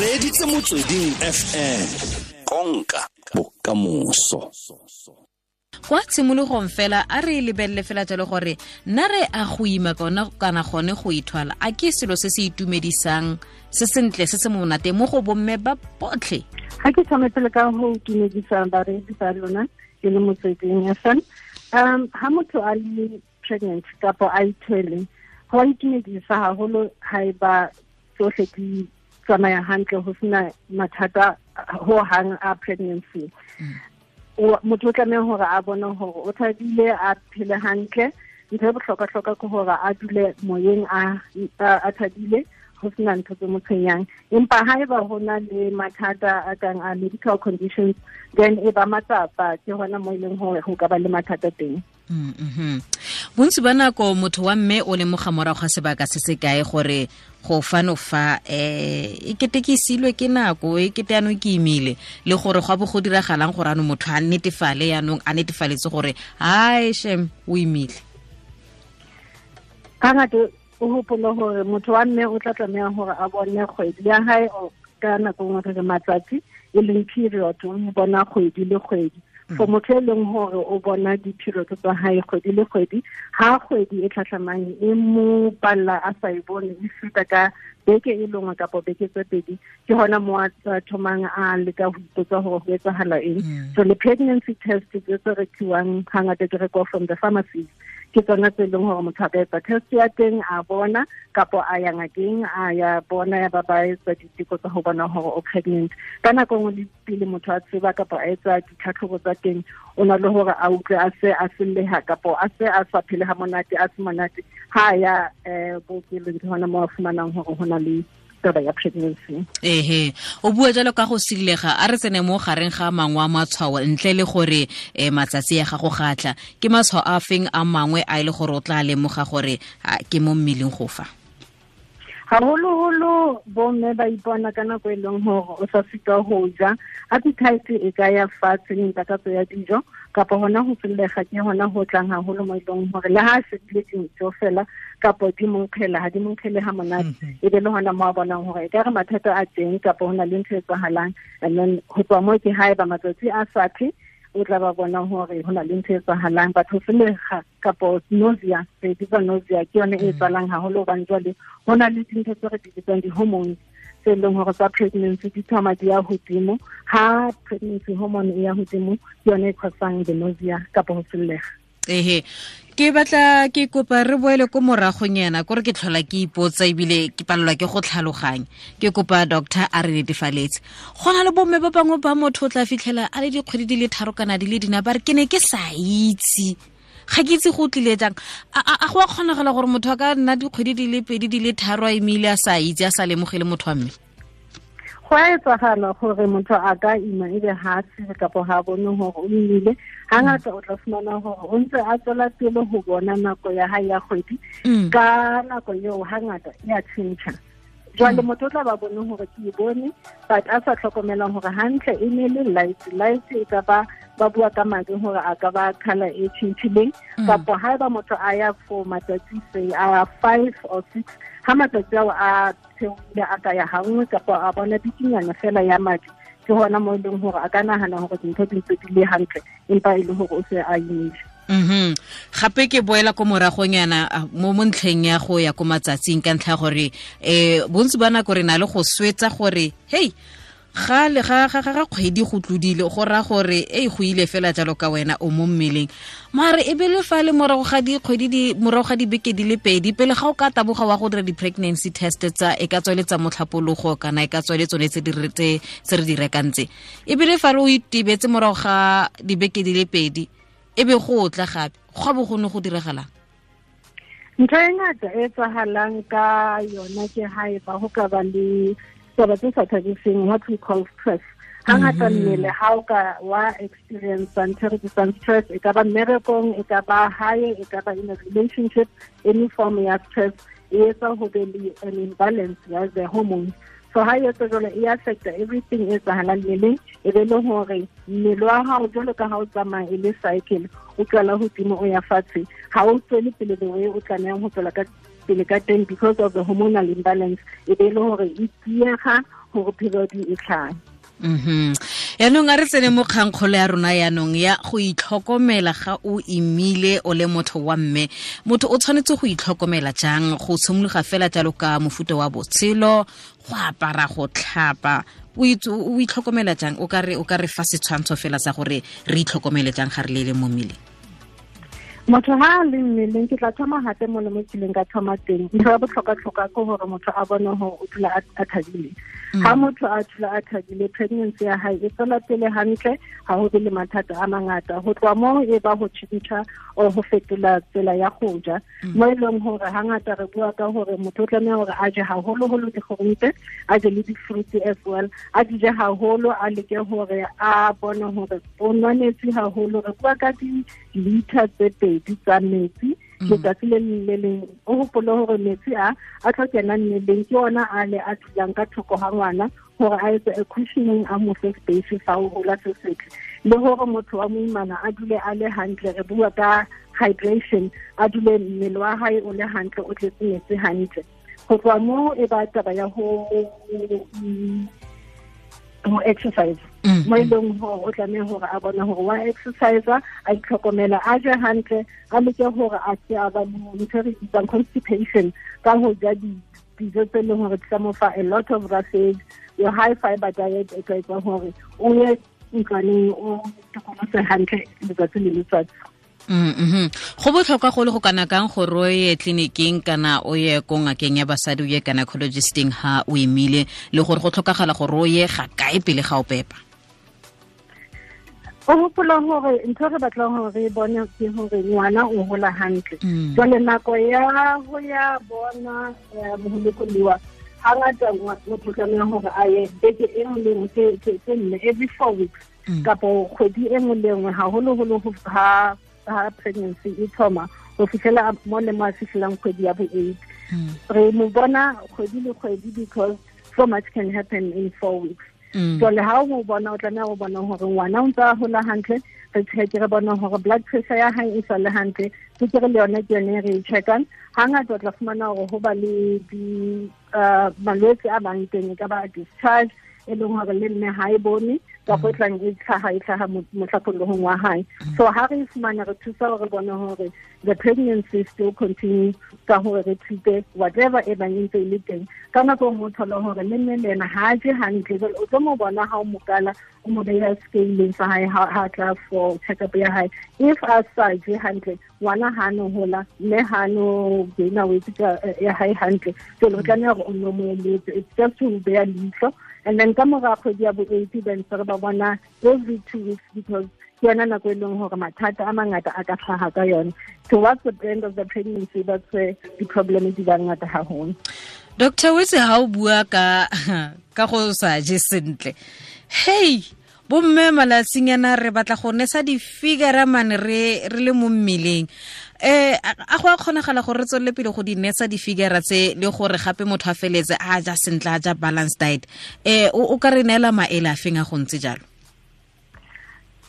reditse motsweding fm konka bokamoso kwa tshimologong fela a re lebelele fela jalo gore nna re a go ima kona kana gone go ithwala a ke selo se se itumedisang se sentle se se monate mo go bomme ba botlhe ga ke thome pele ka go itumedisa baredi ba lona ke le motsweding fm um ha motho a le pregnant kapo a ithwele go a itumedisa gagolo ga e ba tsotlhe tsamaya hantle ho sena mathata ho hang a pregnancy mm. motho o tlameha hore a bone hore o thabile a phele hantle ntho e bohlokwa-hlokwa ke hore a dule moyeng a thabile go sena ntho tse mo tshwenyang empa ga e ba go na le mathata a kang a medical conditions then e ba matsapa ke gona mo e leng gore go ka ba le mathata teng mm, mm-hmm. bontsi ba nako motho wa mme o lemoga morago ga sebaka se se kae gore go fanofa um eh, e kete ke silwe ke nako e kete yanong ke imile le gore go a bo go diragalang gore ano motho a netefale yanong a netefaletse gore hai shem o imile o hopole gore motho wa mme o tla tlameya gore a bone kgwedi ya gae ka nako e nngwe re matsatsi e leng period o bona kgwedi le kgwedi for mm. motho e leng gore o bona di-period tsa gae kgwedi le kgwedi ha kgwedi e tlhatlhamang e mo palela a sa e bone e feta ka beke e lengwe kapo beke tse pedi ke gona mo a thomang a leka go ipotsa gore go etsagala eng so le pregnancy test tse tse rekiwang ga ke rekwa from the pharmacies ke tsona tse leng gore motho a ka etsa test ya teng a bona kapo a ya ngakeng a ya bona ya ba ba etsa diteko tsa go bona gore o pregnant ka nako e nngwe le pele motho a tseba kapo a etsa ditlhatlhobo tsa teng o na le gore a utlwe a se a sellega kapo a se a sa phele ha monate a se monate ha ya um bookelong ke gona mo a fumanang gore go na le taba ya pregnancy ehe o bua jalo ka go silega a re tsene mo gareng ga mangwe a matshwao ntle le gore um matsatsi ya gago gatlha ke matshwao a feng a mangwe a e le gore o tla lemoga gore ke mo mmeleng go fa haholoholo bomme ba ipona ka nako e leng gore o sa sitwa go ja appetite e ka ya fatshe le ya dijo kapa gona go fellega ke gona go tlang gagolo mo e leng gore le ha a shebile dintso fela kapo di monkgela ha di monkgele ha monate mm. e be le hona mo a bonang gore e ka re mathata a teng kapo go na le ntho e tsagalang and then go tswa mo ke hae ba matsatsi a sathe o tla ba bona gore go na le ntho e tsagalang batho felega kapo nausea re bitsa nausea ke yone e mm. tsalang gagolo gobane jwale go na le dintho tse re di bitsang di-hormones se e leng gore tsa pregnancy di thoma di ya godimo ha pregnancy hormone e ya godimo ke yone e kgosang the nausea kapo go felega ehe ke batla ke kopa re boele ko moragonyana kore ke tlhola ke ipotsa ebile ke palelwa ke go tlhaloganya ke kopa doctor a re netefaletse go na le bomme ba bangwe ba motho o tla fitlhela a le dikgwedi di le tharo kana di le dina ba re ke ne ke sa itse ga ke itse go tlile jang a go a kgonagela gore motho a ka nna dikgwedi di le pedi di le tharo a emeile a sa itse a sa lemogele motho wa mme go a etsagala gore motho a ka ima ebe ga a tshege kapo ga a bone gore o imile ga ngata o tla fumana gore o ntse a tswela pele go bona nako ya ga ya kgwedi mm. ka nako eo ga ngata e a jwale hmm. motho tla ba boneng gore ke e bone but a sa tlhokomelang hore hantle e ne le light light e ka ba ba bua ka mading hore a ka ba khala e hmm. ka bo ha ba motho a ya for matsatsi say a five or six ha matsatsi ao a theoile a ka ya gangwe kapa a bona bikinyana fela ya madi ke hona mo e leng hore a ka nahana hore dintho di ntse di le hantle empa e le hore o se a imile mhm gape ke boela ko moragong yana mo montleng ya go ya ko matsatsing ka ntlha gore um bontsi ba nako re na le go swetsa gore hei ga le ga ga ga kgwedi go tlodile go ra gore e go ile fela jalo ka wena o mo mmeleng mare e bele fa le morago ga dikgwedi di morago ga dibeke di le pedi pele ga o ka taboga wa go dira di-pregnancy test tsa e ka tswaletsa motlhapologo kana e ka tswale tsone tse re di rekang tse e bele fa le o itebetse morago ga dibeke di le pedi e be go tla gape go bo go go diragalang ntho e ngata e tsagalang ka yona ke hae ba go ka ba le taba tse sa thabiseng what we call stress ga ngata mhm. mmele ga o ka wa experience anteredisan stress e ka ba mmerekong e ka ba hae e ka ba in a relationship any form ya stress e etsa go be le an imbalance ya the hormones so ha etsa jalo e affecta everything e tsahalang mmeleng e be le hore mmele wa gago jalo ka ga o tsamaya e le cycle o tswela godimo o ya fatshe ga o tswele pele the o tlameyang go tswela ka pele ka teng because of the hormonal imbalance e be le hore e tiega gore period e tlhae mm-hmm. yaanong a re tsene mo kgangkgolo ya rona yaanong ya go itlhokomela ga o imile o le motho wa mme motho o tshwanetse go itlhokomela jang go tshimologa fela jalo ka mofuta wa botshelo go apara go tlhapa o itlhokomela jang o ka re fa setshwantsho fela sa gore re itlhokomele jang ga re le le mo mmeleng motho ha a le mmeleng ke tla thoma gape mo le mo kileng ka thoma teng ntho ya botlhokwa ke gore motho a bone gore o tla a thabile ha mm. motho a tla a thabile pregnancy ya hae e tswela pele hantle ha ho be le mathata a mangata ho tloa mo e ba ho tshintjha o ho fetola tsela ya go ja mm. mo e leng gore ngata re bua ka gore motho o tlameha gore a je haholoholo dikgorente a je le di-fruit as well a di je a leke gore a bone gore o nwanetse gagolo re bua ka di liter tse pedi tsa metsi letsatsi mm. le le leng o gopole gore metsi a a tlo kenang mmeleng ke ona a le a thulang ka thoko ga ngwana gore a etse a cushioning a mofe space fa o gola se setle le gore motho wa moimana a dule a le hantle re bua ka hydration a dule mmele wa gae o le hantle o tletse metsi hantle go tswa mo e ba taba ya go go exercise mm, mo mm. e leng gore o tlame gore a bona gore wa exercise a itlhokomela a ja hantle a leke gore a se a ba ntho e re itsang constipation ka go ja dijo tse e leng gore tsa mo fa a lot of rusage your high fiber diet e ka etsang gore o ye ntlwaneng o tlhokomose hantle letsatsi le letsatsi mm go botlhokwa go le go kana kang gore o ye tleliniking kana o ye ko ngakeng ya basadi o ye ecologisting ha o emile le gore go tlhokagala gore o ye ga kae pele ga o pepa o hopola gore ntho re batlang gore re bone ke gore ngwana o hola hantle mm. jwale nako ya go ya bona moholokoliwa ga ngata motho tlameya gore a ye beke e nngwe lengwe e ke nne every four weeks mm. kapo kgwedi e nngwe lengwe e ga holoholo ha ha pregnancy e thoma go fitlhela mo le mo a fitlhelang kgwedi ya bo eight hmm. re mo bona kgwedi le kgwedi because so much can happen in four weeks hmm. so le ha o mo bona o tlameya go bona gore ngwana o ntse a gola gantle re check re bona gore blood pressure ya hang e sa le gantle tsukere le yone ke yone re checkang ga ngata tla fumana gore go ba le di uh, malwetse a bang teng ka ba discharge e leng gore le nne ha e bone ka go mm. tlang e tlhaga e tlhaga mo tlhapologong wa gae so ha re fumana re thusa gore bone gore the pregnancy still continue ka gore re thute whatever e bang e ntse e le teng ka nako mo e thole gore le mme lena ha a je hantle o tlo mo bona ga ha o mokala o mo beya scaling sa gae ha, ha tla for checkup ya gae if a sa je hantle ngwana ga ha no gola mme ga no gaina weight eh, ya gae hantle selo tlameya gore o nne mo eletse it's just to beya leitlho and then ka mora kgwedi ya bo-eight then se ba bona every two weeks because ke yona nako e leng gore mathata a mangata a ka tlhaga ka yone towards the end of the pregnancy that's where the problem di ba ngata gagolo doctor wetse ga o bua ka ka go sa je sentle hey bomme malatsinyana re batla go nesa di-figure mane re le mo mmeleng eh a go a kgonagala gore re tswelele pele go di netsa di-figura tse le gore gape motho a feletse a ja sentle a ja balance diet um o ka re neela maele a feng a go ntse jalo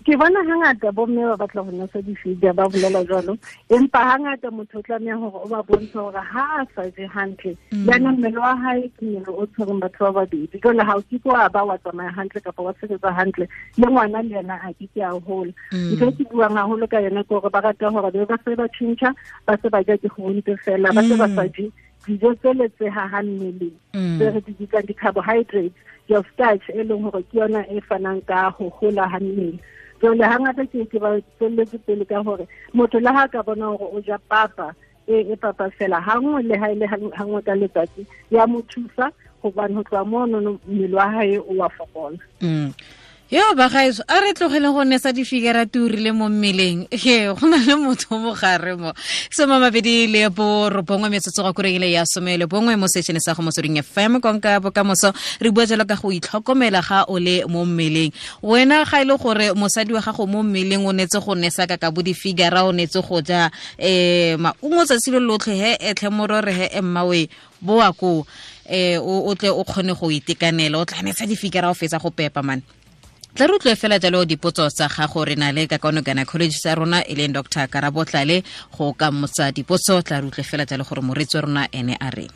ke bona hangata bo mme ba batla go nosa difida ba bolela jalo empa hangata motho o tlameya gore o ba bontshe gore ha a sa je hantle yana mm. mmele wa hae ke mmele o tshwereng batho ba babedi jale ga o kike wa ba wa tsamaya hantle kapa wa tsheketsa hantle le ngwana le yena a keke a gola mm. ntho e ke buang gagolo ka yone ke gore ba rata gore be ba se ba tšhintšha ba se ba ja digonte fela ba se ba mm. sa je dijo tsele tse hagang mmeleng tse re di bitsang di-carbohydrates your starch e leng gore ke yona e fanang ka go gola ga mmele jole ha ngata ke ke ba tswelletse pele ka gore motho la ha ka bona hore o ja papa e e papa fela ha nngwe le ha ile e ha nngwe ka letsatsi ya mo thusa hobane ho tloha mono mmele wa hae o wa fokola mm. yo bagaetso a re tlogeleng go nesa difigera turile mo mmeleng e go na le motho mogare mo soma mabedi le borobongwe metsotso ga kuregile ya some le bongwe mo setšhene sa go motsweding fm konka bokamoso re bua jalo ka go itlhokomela ga o le mo mmeleng wena ga e le gore mosadi wa gago mo mmeleng o netse go nesa ka ka bo difigera o netse go ja um maungo tsatsi le lotlhe he etlhe morore he emmawe boa koo um o tle o kgone go itekanela o tlanetsa difigera o fetsa go pepa mane tla re utlwe fela jalo dipotso tsa gago re na le kakano gynecologist sa rona e leng dr karabotlale go kamosa dipotso tla re utlwe fela jalo gore moretsi wa rona ene a reng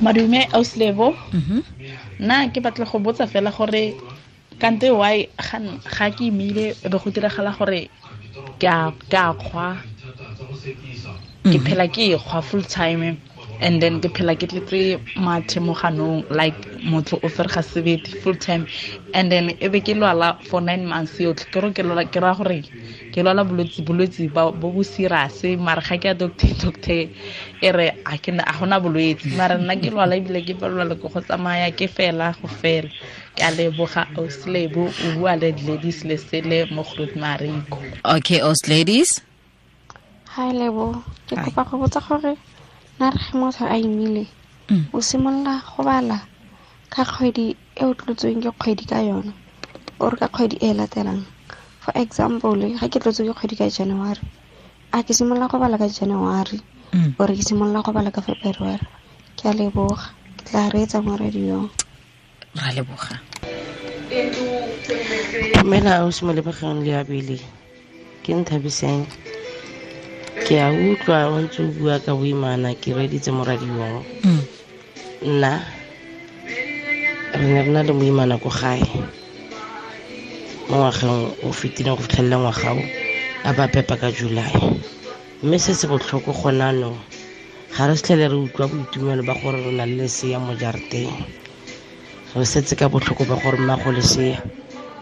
madume auslebo mhm. nna ke batla go botsa fela gore kante why ga ke imile be go diragala gore ke a kgwa ke mhm. phela ke e kgwa full time and then ke phela ke tletse mathemoganong like motho o fere ga sebete full time and then e be ke lwala for nine months yotlhe ke ro ke raya gore ke lwala bolwetse bo bo serase mare ga ke ya doctor doctor e re a gona bolwetse mare nna ke lwala ebile ke palelwa le ko go tsamaya ke fela go fela ke a leboga oslebo o bua le ladies lesele mo grot mariko okay ladies. hi lebo ke kopa go botsa gore nna re ge motho a imile mm. o simolola go bala ka kgwedi e o tlotsweng ke kgwedi ka yona ore ka kgwedi e latelang for example ga ke tlotswe ke kgwedi ka january a ke simolola go bala ka january mm. ore ke simolola go bala ka february ke a leboga ke tla reetsa mo radiong ra leboga o simolebegeng le abele ke nthabiseng ke a utlwa o ntse o bua ka boimana ke reditse mo radiong mm. nna re ne re na le moimana ko gae mo ngwageng o fetileng go fitlhelela ngwagao a ba pepa ka july mme se se botlhoko gona ga re setlhele re utlwa boitumelo ba gore re na le lesea mo jarateng re setse ka botlhoko ba gore mmago lesea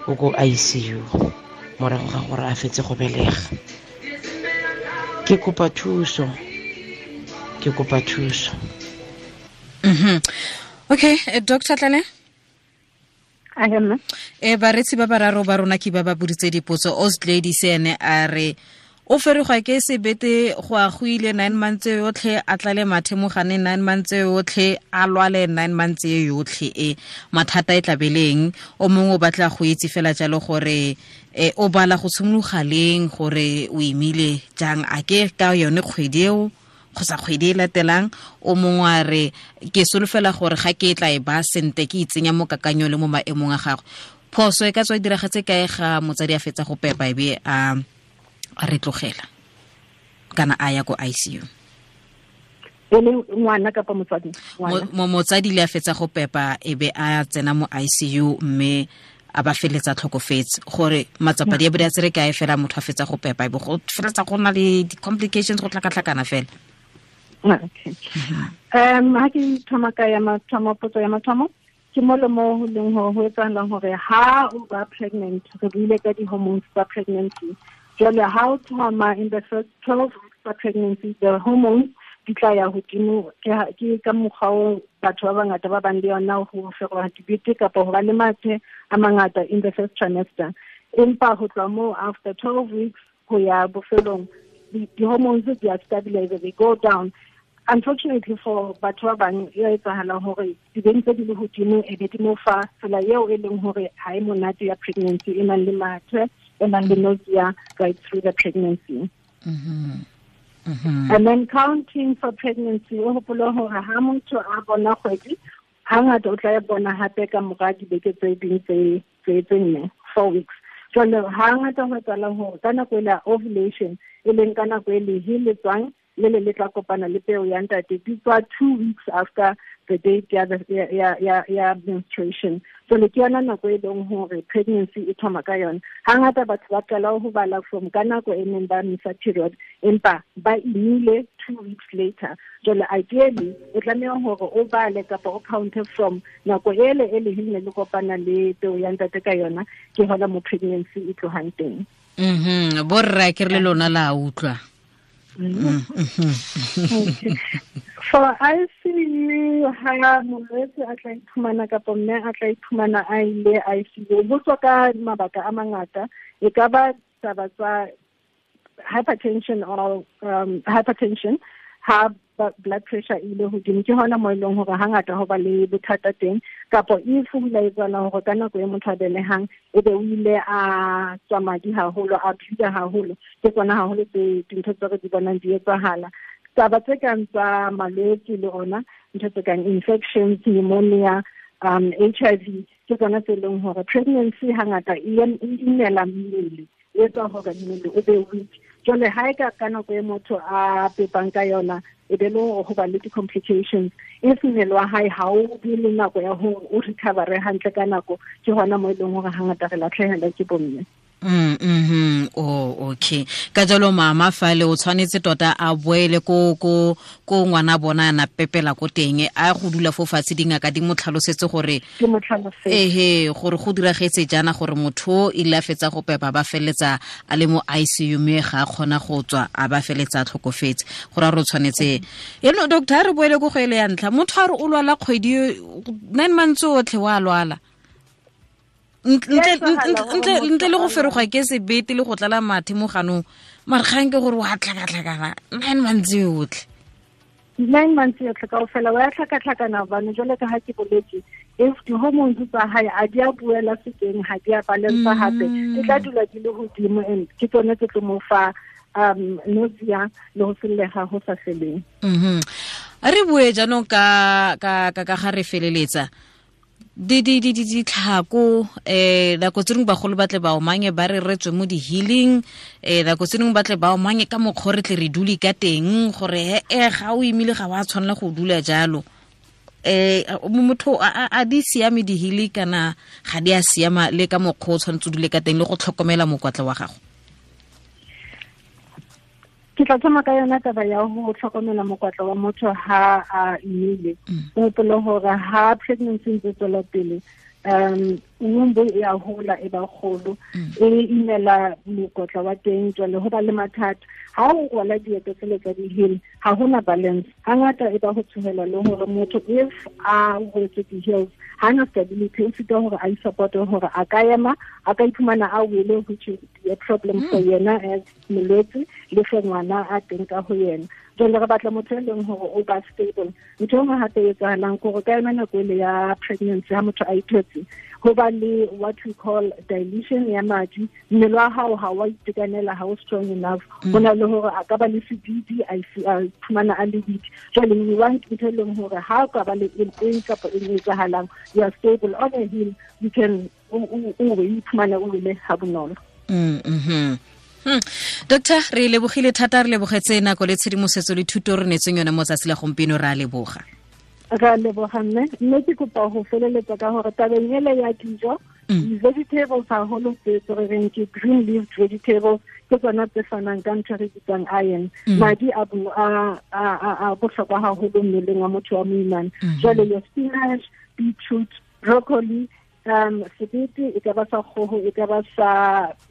o ko icu morago ga gore a fetse go belega ke kopa thuso ke kopa thuso mhm okay eh, dr tlale e eh, baretsi ba bararo ba rona ke ba ba boditse dipotso oslady se ene a re o feregwa ke sebete go a goile nine months e yotlhe a tlale mathemogane nine months e yotlhe a lwale nine months e yotlhe e mathata e tlabeleng o mongwe o batla go itse fela jalo gore e o bala go simologaleng gore o emile jang a ke ka yone kgwedi eo kgotsa kgwedi e latelang o mongwe a re ke solofela gore ga ke tla e ba sente ke itsenya mo kakanyo le mo maemong a gagwe phoso e ka tswa e diragetse kae ga motsadi a fetsa go pepa ebe a re tlogela kana a ya ko icu ngwana kapa motsadi mo motsadi le a fetsa go pepa ebe a tsena mo icu mme a ba feletsa tlhokofetse gore matsapadi a bodi a tsere kae fela motho a fetsa go pepa e bo go feletsa go nna le di-complications go tlhakatlhakana fela um ha ke thoma ka ya mathomo potso ya mathomo ke mo le mo leng gore ho etsagalang gore ha o ba pregnant re buile ka di-hormones tsa pregnancy jale ha o thoma in the first twelve weeks tsa pregnancy the hormones di tla ya godimo ke ka mokgwa o batho ba bangata ba bang le yona go dibete kapa go ba le mathe a mangata in the first trimester empa go tloa moo after twelve weeks go ya bofelong di-hormones di a stabilize they go down unfortunately for batho ba bang ya etsagala gore dibeng tse di le godimo di mo fa tsela eo e leng gore e monate ya pregnancy e nang le mathe e nang le right through the pregnancy mm -hmm. Mm-hmm. and then counting for pregnancy o gopole gore ha motho a bona kgwedi ha ngata o tla e bona hape ka mora dibeke tse ding tse nne four weeks jalo ha ngata go tsala gore ka nako e ovulation e leng ka nako e lehe le tswang le le le tla kopana le peo ya ntate di tswa two weeks after the date ya ya ya ya menstruation so le ke yona nako e leng gore pregnancy e thoma ka yona ngata batho ba tlela go bala from ka nako e neng ba misa period empa ba imile two weeks later jole ideally o tlameha gore o bale kapa o counte from nako ele e lehenne le kopana le peo ya ntate ka yona ke gona mo pregnancy e tlohang teng mhm borra ke re le lona la utlwa Mm -hmm. okay. for ICU ha molwetse a tla iphumana kapa mme a tla iphumana a ile ICU botswa ka mabaka a mangata e ka ba taba tsa hypertension or um, hypertension ha blood pressure e ile hodimo ke hona mo e leng hore ba le bothata teng kapo if hula e tswala hore ka nako e motho a belehang e be o ile a tswa madi a thuta haholo ke tsona haholo tse dintho tse re di bonang di etsahala taba tse kang tsa malwetse le ona ntho tse kang infections pneumonia um h i v ke tsona tse leng hore pregnancy hangata e imela mmele e etsa mmele o be weak jole ha e ka ka nako e motho a pepang ka yona e be e le go ba le di-complications e semelo wa gae ga o be le nako ya gore o recovere gantle ka nako ke gona mo e leng gore ga re latlhegela ke bomme mm mm mm-hmm. o oh, okay ka jalo mama fa le o tshwanetse tota a boele ko ko ko ngwana bona na pepela ko teng a go dula fo fatshe dingaka di mo tlhalosetse gore ehe gore go diragetse jana gore motho ile a fetsa go pepa ba feletsa a le mo ICU mme ga a kgona go tswa a ba feletsa a tlhokofetse gore a re o tshwanetse eno doctor re boele ko go ele ya ntlha motho a re o lwala kgwedi nine months otlhe wa lwala ntle le go feroga ke sebete le go tlala mathe mo ganong mare kgang ke gore a tlhakatlhakana nine months yotlhe nine months yotlhe kao fela o ya tlhakatlhakana bane jale ka ga ke boletse if di-hormones tsa gae a di a buela sekeng ga di a balansa gape ke mm. tla dula di le godimo and ke tsone tse tlo mo fa um nosia le go sellega go sa feleng mhm. re bue jaanong ka ga re feleletsa di di di di tlhako eh nako tse dingwe bagolo batle tle ba omange ba re retswe mo di-healing eh nako tse dingwe ba tle ba omange ka mokgwa re tle re dule ka teng gore ee ga o imile ga wa tshwanela go dula jalo eh motho a, a di siame di-healing kana ga di a siama le ka mokgwa o tshwanetse o dule ka teng le go tlhokomela mokwatla wa gago ke tla tsama ka yona taba ya ho tlhokomela mokwatla wa motho ha a imile o mm. gopole gore ha pregnancy ntse tswela pele um umbo ya hola e ba golo e mm. imela mokotla wa teng jwale go ba le mathata ha o wala dieto tsele tsa di-hill ha gona balance ha ngata e ba go tshogela le gore motho if a wetse di-hills ha na stability o fita gore a isupport-e gore a ka ema a ka iphumana a wele which is a problem for mm. yena as molwetse le for ngwana a teng ka go yena jole re batla motho e leng gore o ba stable ntho e nngwe gape e tsagalang gore ka yona nako ele ya pregnancy ga motho a itlhotse go ba le what we call dilution ya madi mmele wa gago ga wa itekanela ga o strong enough go mm. na le gore a ka ba le e sedidi a iphumana a le weak jale we want ntho e leng gore ga o ka ba le eng kapa eng e tsagalang you are stable on a hill you can o iphumana o ile ga bonolo mm, mm-hmm. Hmm. doctor re lebogile thata re lebogetse nako le tshedimosetso le thuto re neetseng yone mo tsatsi la gompieno re a leboga re a leboga mme mme ke kopa go feleletsa ka gore tabeng ele ya dijo hmm. di-vegetables haholo tse tse re reng ke green leaf vegetables ke tsona tse fanang ka ntho e re e bitsang iron hmm. madi a botlhokwa haholo mmeleng wa motho wa moimane jale your spinach beetroot broccoli um sebete e ka ba sa kgogo e ka ba sa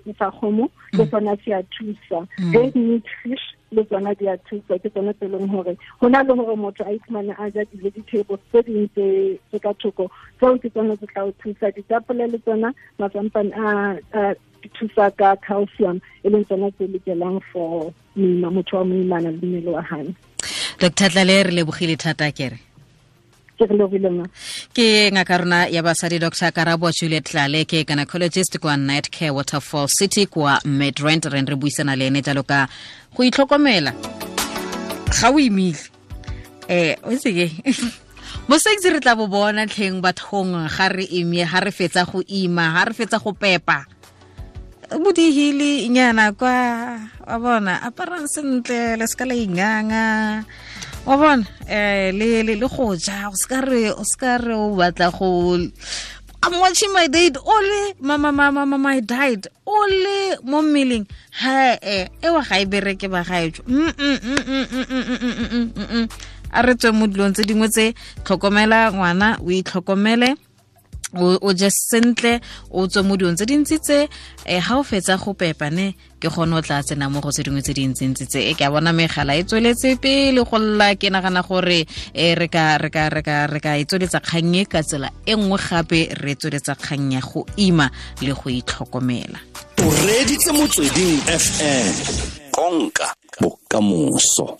e sa kgomo le mm. tsona se a thusa red mm. meat fish le tsona di a thusa ke tsone tse leng gore go na le gore motho a iphumane a ja di-vegetables tse dingwe tse ka thoko tseo ke tsone tse tla o thusa ditapole le tsona matsampane a di thusa ka calcium e leng tsona tse lekelang for moima motho wa moimana le mmele wa gane dr tlale re lebogile thata kere ke re lobile ma ke ngaka rona ya basadi dr karabo juliet tlale ke gynecologist kwa night care waterfall city kwa midrand re re buisana le ene jalo ka go itlhokomela ga o imile um oseke seke mo sexi re tla bo bona tlheng bathong ga re ime ga re fetsa go ima ga re fetsa go pepa bodihile nyana kwa wa bona aparang sentle le se ka inganga wa bona um le le go ja o seka re o seka re o batla go I'm watching my date ole mama mama mama died ole mo mmeleng ha eh, e ewa ga e bereke ba gaetso a re tswe mo dilong tse dingwe tse tlhokomela ngwana o itlhokomele o je sentle o tswe mo diong tse dintsi tse um eh, ga o fetsa go pepane ke gone o tla tsena mo go tse dingwe tse dintsintsi tse e ke a bona megala e tsweletse pele go lla ke nagana gore um re ka e tsweletsa kgang e ka tsela e nngwe gape re tsweletsa kgang ya go ima le go itlhokomela o reditse motsweding fm konka bokamoso